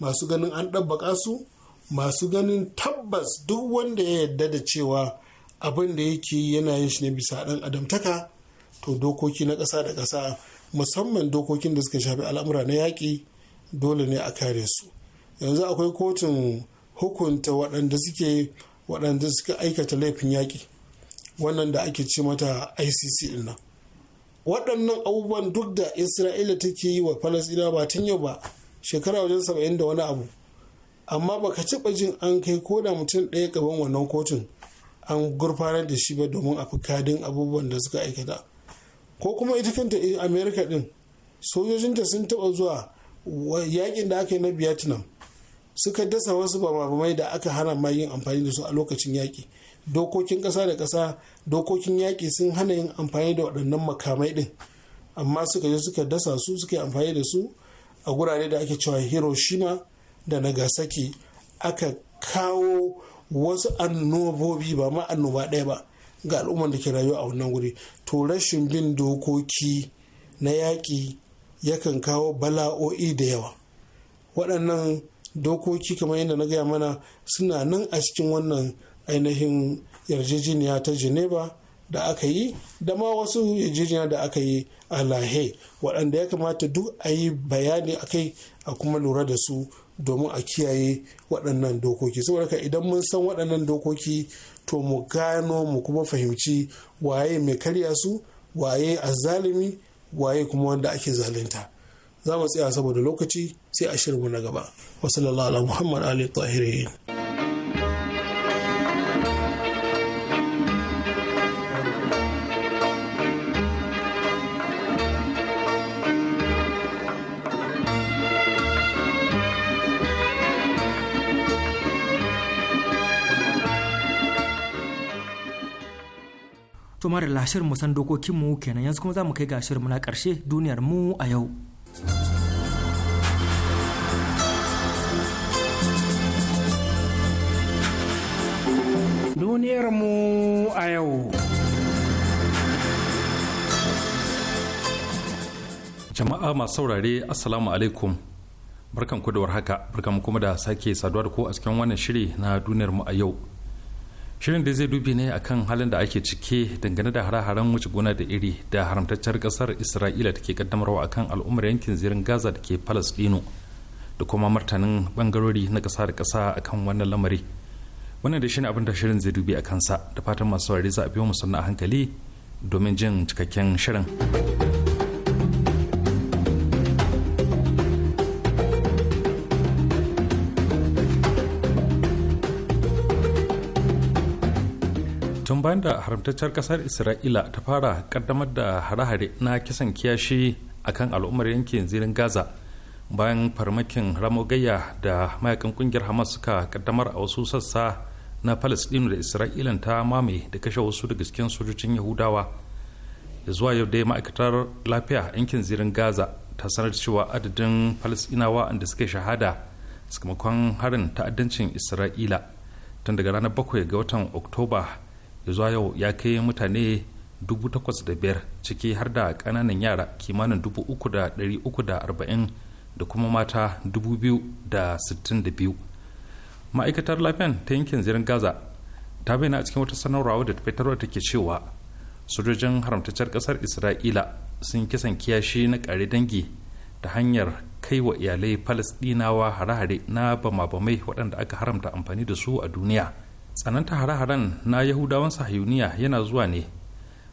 masu ganin an ɗabbaka su masu ganin tabbas duk wanda ya yarda da cewa abin da yake yana yin shi ne bisa ɗan adamtaka to dokoki na ƙasa da ƙasa musamman dokokin da suka shafi al'amura na yaƙi dole ne a kare su yanzu akwai kotun hukunta waɗanda suke waɗanda suka aikata laifin yaƙi wannan da ake ce mata icc ɗinnan waɗannan abubuwan duk da isra'ila take yi wa falasɗina ba tun yau ba shekara wajen saba'in da wani abu amma baka taɓa jin an kai ko da mutum ɗaya gaban wannan kotun an gurfanar da shi ba domin a fi kadin abubuwan da suka aikata ko kuma ita kanta america din sojojinta sun taba zuwa yakin da aka yi na vietnam suka dasa wasu bababamai da aka hana ma yin amfani da su a lokacin yaƙi dokokin ƙasa da ƙasa dokokin yaƙi sun hana yin amfani da waɗannan makamai ɗin amma suka je suka dasa su suka yi amfani da su a gurare da ake cewa hiroshima da nagasaki aka kawo wasu annobobi ba ma annoba ɗaya ba ga al'ummar da ke rayuwa a wannan wuri to rashin bin dokoki na yaƙi yakan kawo bala'o'i da yawa waɗannan dokoki kamar yadda na gaya mana suna nan a cikin wannan ainihin yarjejeniya ta geneva da aka yi da ma wasu yarjejeniya da aka yi a lahe waɗanda ya kamata duk a yi bayani a kai a kuma lura da su domin a kiyaye waɗannan dokoki saboda idan mun san waɗannan dokoki to mu gano mu kuma fahimci waye mai karya su waye a zalimi waye kuma wanda ake zalunta za mu tsaya saboda lokaci sai a shirinmu na gaba wasu ala muhammad ali tahirin kuma mara lashir mu san dokokinmu kenan yanzu kuma za mu kai ga mu na karshe duniyar mu a yau duniyar mu a yau jama'a masu saurare assalamu alaikum barkan kuduwar haka warhaka barkan kuma da sake saduwa da ku a cikin wannan shiri na duniyar mu a yau shirin da zai dubi ne akan halin da ake cike dangane da hare-haren wuce gona da iri da haramtaccen kasar isra'ila da ke kaddamarwa akan al'ummar yankin zirin gaza da ke palestino da kuma martanin bangarori na kasa da kasa akan wannan lamari wannan da shi ne abin da shirin zai dubi a kansa da fatan masu saurari za a biyo mu a hankali domin jin cikakken shirin. bayan da haramtaccen kasar isra'ila ta fara kaddamar da hare-hare na kisan kiyashi a kan al'ummar yankin zirin gaza bayan farmakin ramogayya da mayakan kungiyar hamas suka kaddamar a wasu sassa na palestine da isra'ilan ta mame da kashe wasu daga cikin sojojin yahudawa da zuwa yau dai ma'aikatar lafiya yankin zirin gaza ta sanar cewa adadin palestinawa da suke shahada sakamakon harin ta'addancin isra'ila tun daga ranar bakwai ga watan oktoba zuwa yau ya kai mutane dubu da biyar ciki har da kananan yara kimanin dubu uku da arba'in da kuma mata dubu da biyu ma'aikatar lafiyan ta yankin zirin gaza ta bayyana a cikin wata sanarwa da ta fitarwa take cewa sojojin haramtaccen ƙasar isra'ila sun kisan kiyashi na ƙare dangi ta hanyar kai wa iyalai falasɗinawa hare-hare na bama-bamai waɗanda aka haramta amfani da su a duniya tsananta hare-haren na yahudawan sahiyuniya yana zuwa ne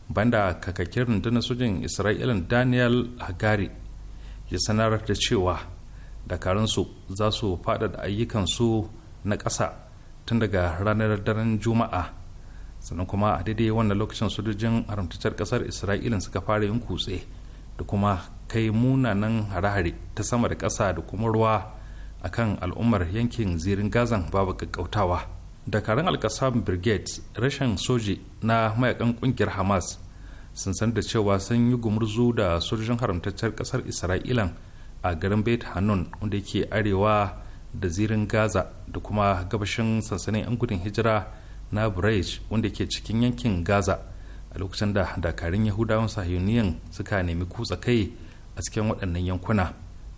banda kakakin rundunar sojin isra'ila daniel hagari ya sanar da cewa dakarunsu za su faɗaɗa ayyukansu na ƙasa tun daga ranar daren juma'a sannan kuma a daidai wannan lokacin sojojin haramtaccen ƙasar isra'ila suka fara yin kutse da kuma kai munanan hare-hare ta sama da ƙasa da kuma ruwa akan al'ummar yankin zirin gazan babu ƙaƙƙautawa dakarun alkasam brigade rashin soji na mayakan kungiyar hamas sun san da cewa sun yi gumurzu da sojojin haramtaccen kasar isra'ila a garin bet hanun wanda ke arewa da zirin gaza da kuma gabashin sansanin 'yan gudun hijira na brej wanda ke cikin yankin gaza a lokacin da dakarun yahudawan sahiyuniyan suka nemi kutsa kai a cikin waɗannan yankuna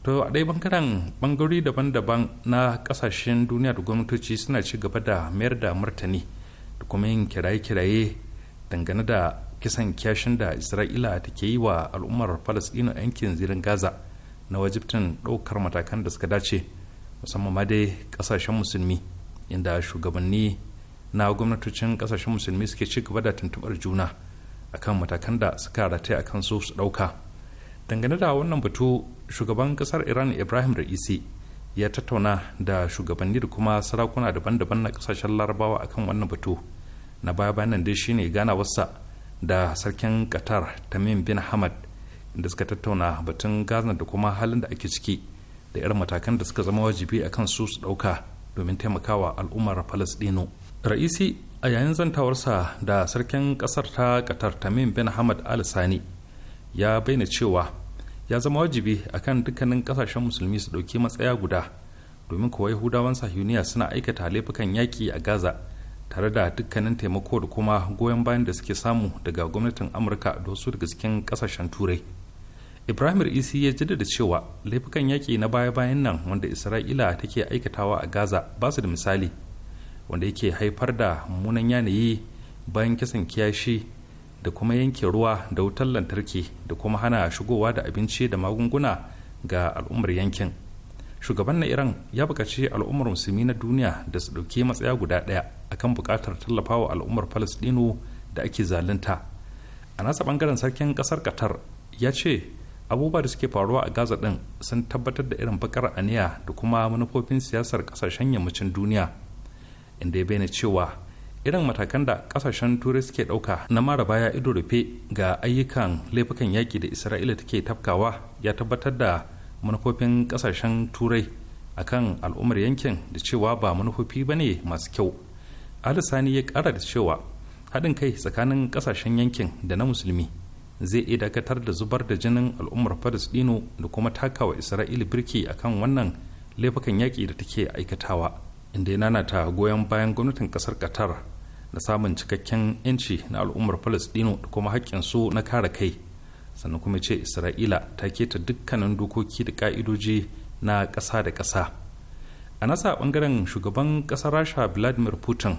to a ɗaya bangaren bangarori daban-daban na ƙasashen duniya da gwamnatoci suna ci gaba da mayar da martani da kuma yin kiraye-kiraye dangane da kisan kyashin da isra'ila ta ke yi wa al'ummar a yankin zirin gaza na wajibtin ɗaukar matakan da suka dace musamman ma dai ƙasashen musulmi inda shugabanni na gwamnatocin ƙasashen musulmi suke ci gaba da tuntuɓar juna akan matakan da suka rataya akan su su ɗauka dangane da wannan batu shugaban kasar iran ibrahim ra'isi ya tattauna da shugabanni da kuma sarakuna daban-daban na kasashen larabawa akan wannan batu na baya bayanan dai shine wasa da sarkin qatar tamim bin hamad da suka tattauna batun gaza da kuma halin da ake ciki da irin matakan da suka zama wajibi akan su su dauka domin taimakawa al'ummar falastino ra'isi a yayin zantawarsa da sarkin kasar ta qatar tamim bin hamad al sani ya bayyana cewa ya zama wajibi a kan dukkanin kasashen musulmi su ɗauki matsaya guda domin kuwa yahudawan sahiyuniya suna aikata laifukan yaƙi a gaza tare da dukkanin taimako da kuma goyon bayan da suke samu daga gwamnatin amurka da wasu daga cikin kasashen turai ibrahim isi ya jaddada cewa laifukan yaƙi na baya-bayan nan wanda isra'ila take aikatawa a gaza ba su da misali wanda yake haifar da mummunan yanayi bayan kisan kiyashi da kuma yanke ruwa da wutar lantarki da kuma hana shigowa da abinci da magunguna ga al'ummar yankin shugaban na iran ya bukaci al'ummar musulmi na duniya da su ɗauki matsaya guda ɗaya akan bukatar tallafawa al'ummar falastinu da ake zalunta a nasa ɓangaren sarkin ƙasar qatar ya ce abubuwa da suke faruwa a gaza din sun tabbatar da irin bakar aniya da kuma manufofin siyasar ƙasashen yammacin duniya inda ya bayyana cewa irin matakan da kasashen turai suke ɗauka na mara baya ido rufe ga ayyukan laifukan yaƙi da isra'ila take tafkawa ya tabbatar da manufofin kasashen turai akan al'ummar yankin da cewa ba manufofi ba ne masu kyau alisani ya ƙara da cewa haɗin kai tsakanin kasashen yankin da na musulmi zai iya dakatar da zubar da jinin al'ummar palestino da kuma takawa isra'ila birki akan wannan laifukan yaƙi da take aikatawa inda ya nanata goyon bayan gwamnatin kasar qatar na samun cikakken 'yanci na al'ummar palestino da kuma haƙƙinsu na kare kai sannan kuma ce isra'ila ta keta dukkanin dokoki da ƙa'idoji na ƙasa da ƙasa a nasa ɓangaren shugaban ƙasar rasha vladimir putin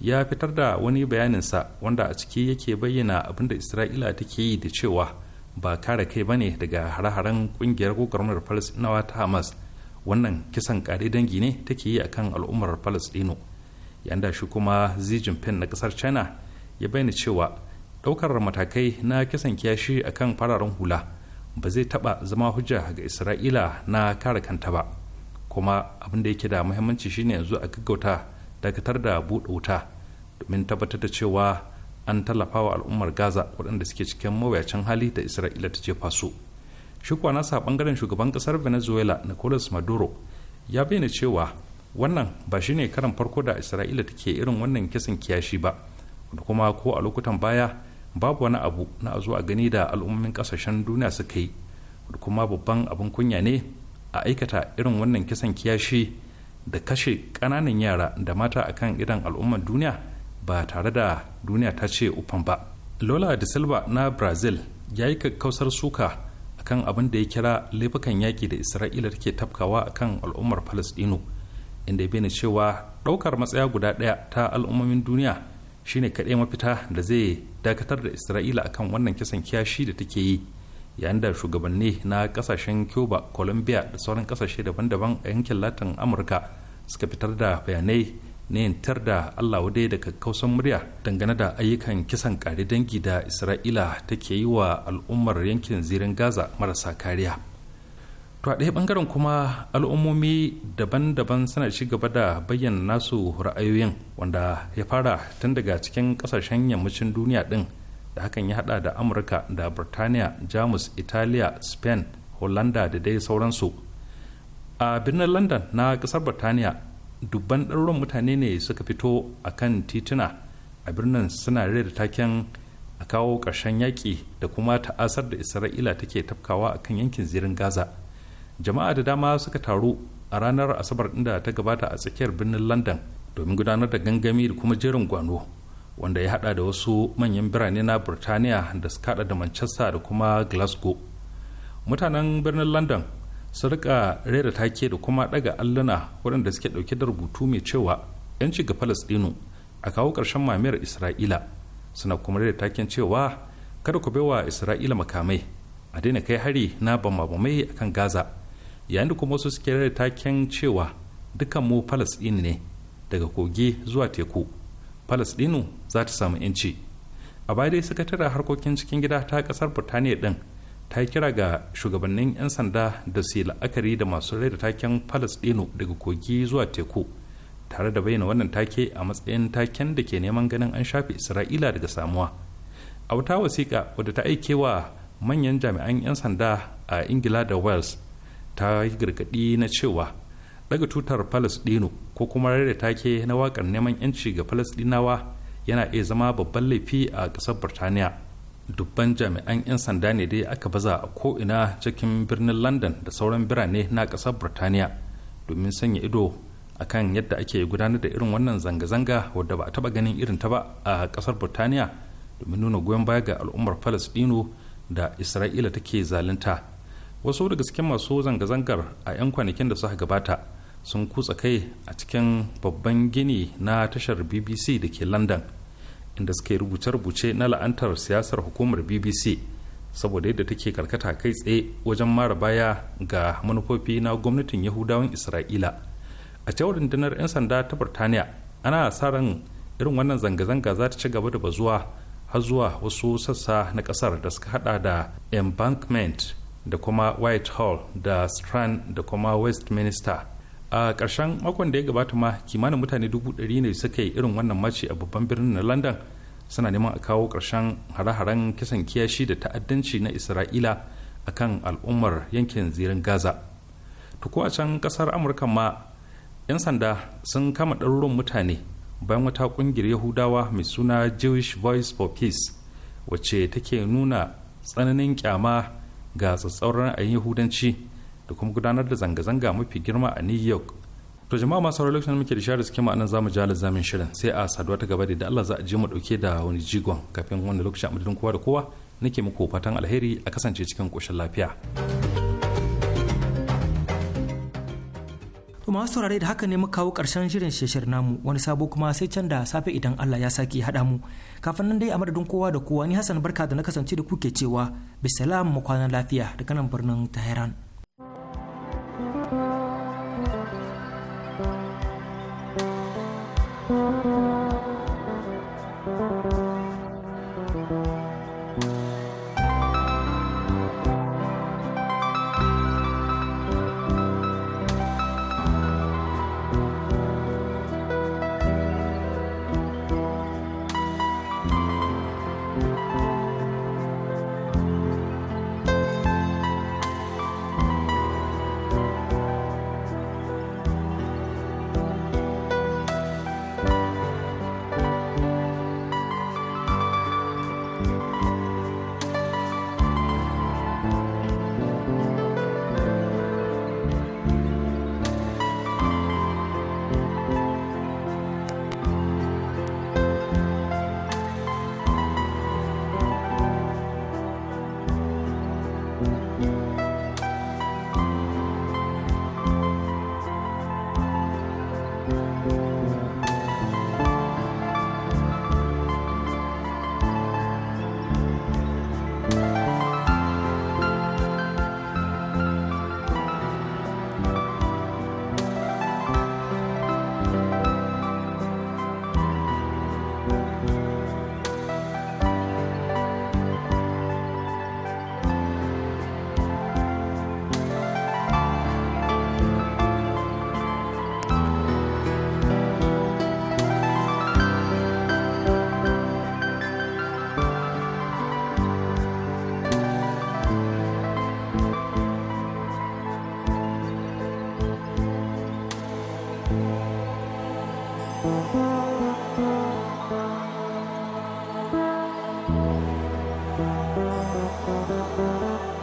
ya fitar da wani bayanin sa wanda a ciki yake bayyana abin da isra'ila take yi da cewa ba kare kai bane daga hare-haren ƙungiyar gogarmar palestinawa ta hamas wannan kisan kare dangi ne take yi akan al'ummar palestino yanda shi kuma xi jinping na kasar china ya bayyana cewa ɗaukar matakai na kisan kiyashi akan fararen hula ba zai taɓa zama hujja ga isra'ila na kare kanta ba kuma abin da yake da muhimmanci shine yanzu a gaggauta dakatar da buɗe wuta domin tabbatar da cewa an tallafa wa al'ummar gaza waɗanda suke cikin mawuyacin hali da isra'ila ta jefa su shi kuwa nasa bangaren shugaban kasar venezuela nicolas maduro ya bayyana cewa wannan ba shi ne karan farko da isra'ila take irin wannan kisan kiyashi ba wanda kuma ko a lokutan baya babu wani abu na a zo a gani da al'ummomin kasashen duniya suka yi kuma babban abin kunya ne a aikata irin wannan kisan kiyashi da kashe kananan yara da mata akan idan al'ummar duniya ba tare da duniya ta ce ufan ba lola da silva na brazil ya yi kakkausar suka kan abin da ya kira laifukan yaƙi da isra'ila take tafkawa akan al'ummar palestino inda ya bayyana cewa ɗaukar matsaya guda ɗaya ta al'ummomin duniya shine kaɗai mafita da zai dakatar da isra'ila akan wannan kisan kiyashi da take yi yayin da shugabanni na ƙasashen cuba colombia da sauran ƙasashe daban-daban a yankin latin amurka suka fitar da bayanai na yantar da Allah wadai da kakkausan murya dangane da ayyukan kisan kare dangi da Isra'ila take yi wa al'ummar yankin zirin Gaza marasa kariya. To a ɗaya ɓangaren kuma al'ummomi daban-daban suna ci gaba da bayyana nasu ra'ayoyin wanda ya fara tun daga cikin ƙasashen yammacin duniya ɗin da hakan ya haɗa da Amurka da Burtaniya, Jamus, Italiya, Spain, Holanda da dai sauransu. A birnin London na ƙasar Burtaniya dubban ɗaruran mutane ne suka fito a kan tituna a birnin suna da taken a kawo ƙarshen yaƙi da kuma ta'asar da isra'ila take tafkawa a kan yankin zirin gaza jama'a da dama suka taru a ranar asabar inda ta gabata a tsakiyar birnin london domin gudanar da gangami da kuma jerin gwano wanda ya hada da wasu manyan birane na burtaniya da suka hada da manchester da kuma glasgow mutanen birnin london su rika rera take da kuma daga alluna waɗanda suke ɗauke da rubutu mai cewa 'yanci ga falastinu a kawo ƙarshen mamayar isra'ila suna kuma rera taken cewa kada ku baiwa isra'ila makamai a daina kai hari na bamabamai a kan gaza yayin da kuma wasu suke rera taken cewa dukan mu falasɗinu ne daga kogi zuwa teku falastinu za ta samu 'yanci a baya dai sakataren harkokin cikin gida ta kasar burtaniya din ta yi kira ga shugabannin 'yan sanda da su yi la'akari da masu rai da taken palestino daga kogi zuwa teku tare da bayyana wannan take a matsayin taken da ke neman ganin an shafe isra'ila daga samuwa a wata wasiƙa wadda ta aike wa manyan jami'an 'yan sanda a ingila da wales ta yi gargaɗi na cewa daga tutar palestino ko kuma rai da take na wakar neman 'yanci ga palestinawa yana iya zama babban laifi a ƙasar burtaniya dubban jami'an 'yan sanda ne dai aka baza a ko'ina cikin birnin london da sauran birane na ƙasar burtaniya domin sanya ido a kan yadda ake gudanar da irin wannan zanga-zanga wadda ba a taba ganin irin ta ba a ƙasar burtaniya domin nuna goyon baya ga al'ummar palestino da isra'ila take zalunta wasu daga cikin masu zanga-zangar a 'yan kwanakin da suka gabata sun kutsa kai a cikin babban gini na tashar bbc da ke london inda suka yi rubuce-rubuce na la'antar siyasar hukumar bbc saboda yadda take karkata kai tsaye wajen mara baya ga manufofi na gwamnatin yahudawan isra'ila a cewar rundunar 'yan sanda ta birtaniya ana sa irin wannan zanga-zanga za ta ci gaba da bazuwa har zuwa wasu sassa na kasar da suka hada da embankment da kuma whitehall da strand da kuma westminster a ƙarshen makon da ya gabata ma kimanin mutane dubu ɗari ne suka yi irin wannan mace a babban birnin na london suna neman a kawo ƙarshen hare-haren kisan kiyashi da ta'addanci na isra'ila a kan al'ummar yankin zirin gaza tuko a can ƙasar amurka ma 'yan sanda sun kama ɗaruruwan mutane bayan wata ƙungiyar yahudawa mai suna jewish voice for peace wacce take nuna tsananin kyama ga tsatsauran ra'ayin yahudanci da kuma gudanar da zanga-zanga mafi girma a new york to jama'a masu sauraron lokacin muke da share suke ma'anar zamu ji alazamin shirin sai a saduwa ta gaba da da Allah za a je mu dauke da wani jigon kafin wani lokacin amadadin kowa da kowa nake muku fatan alheri a kasance cikin koshin lafiya to masu saurare da haka ne muka kawo karshen shirin shirin namu wani sabo kuma sai can da safe idan Allah ya sake hada mu kafin nan dai a madadin kowa da kowa ni Hassan barka da na kasance da kuke cewa bisalam mu kwana lafiya daga nan birnin Tehran Thank you.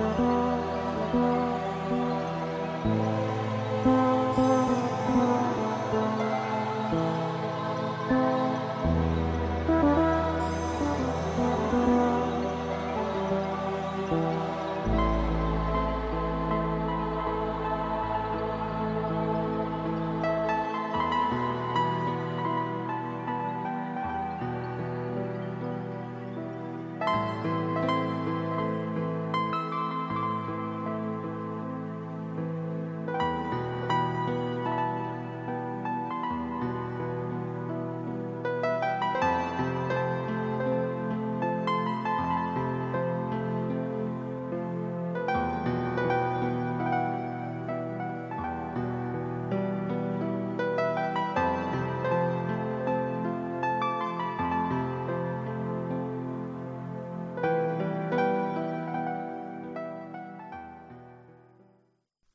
Thank you.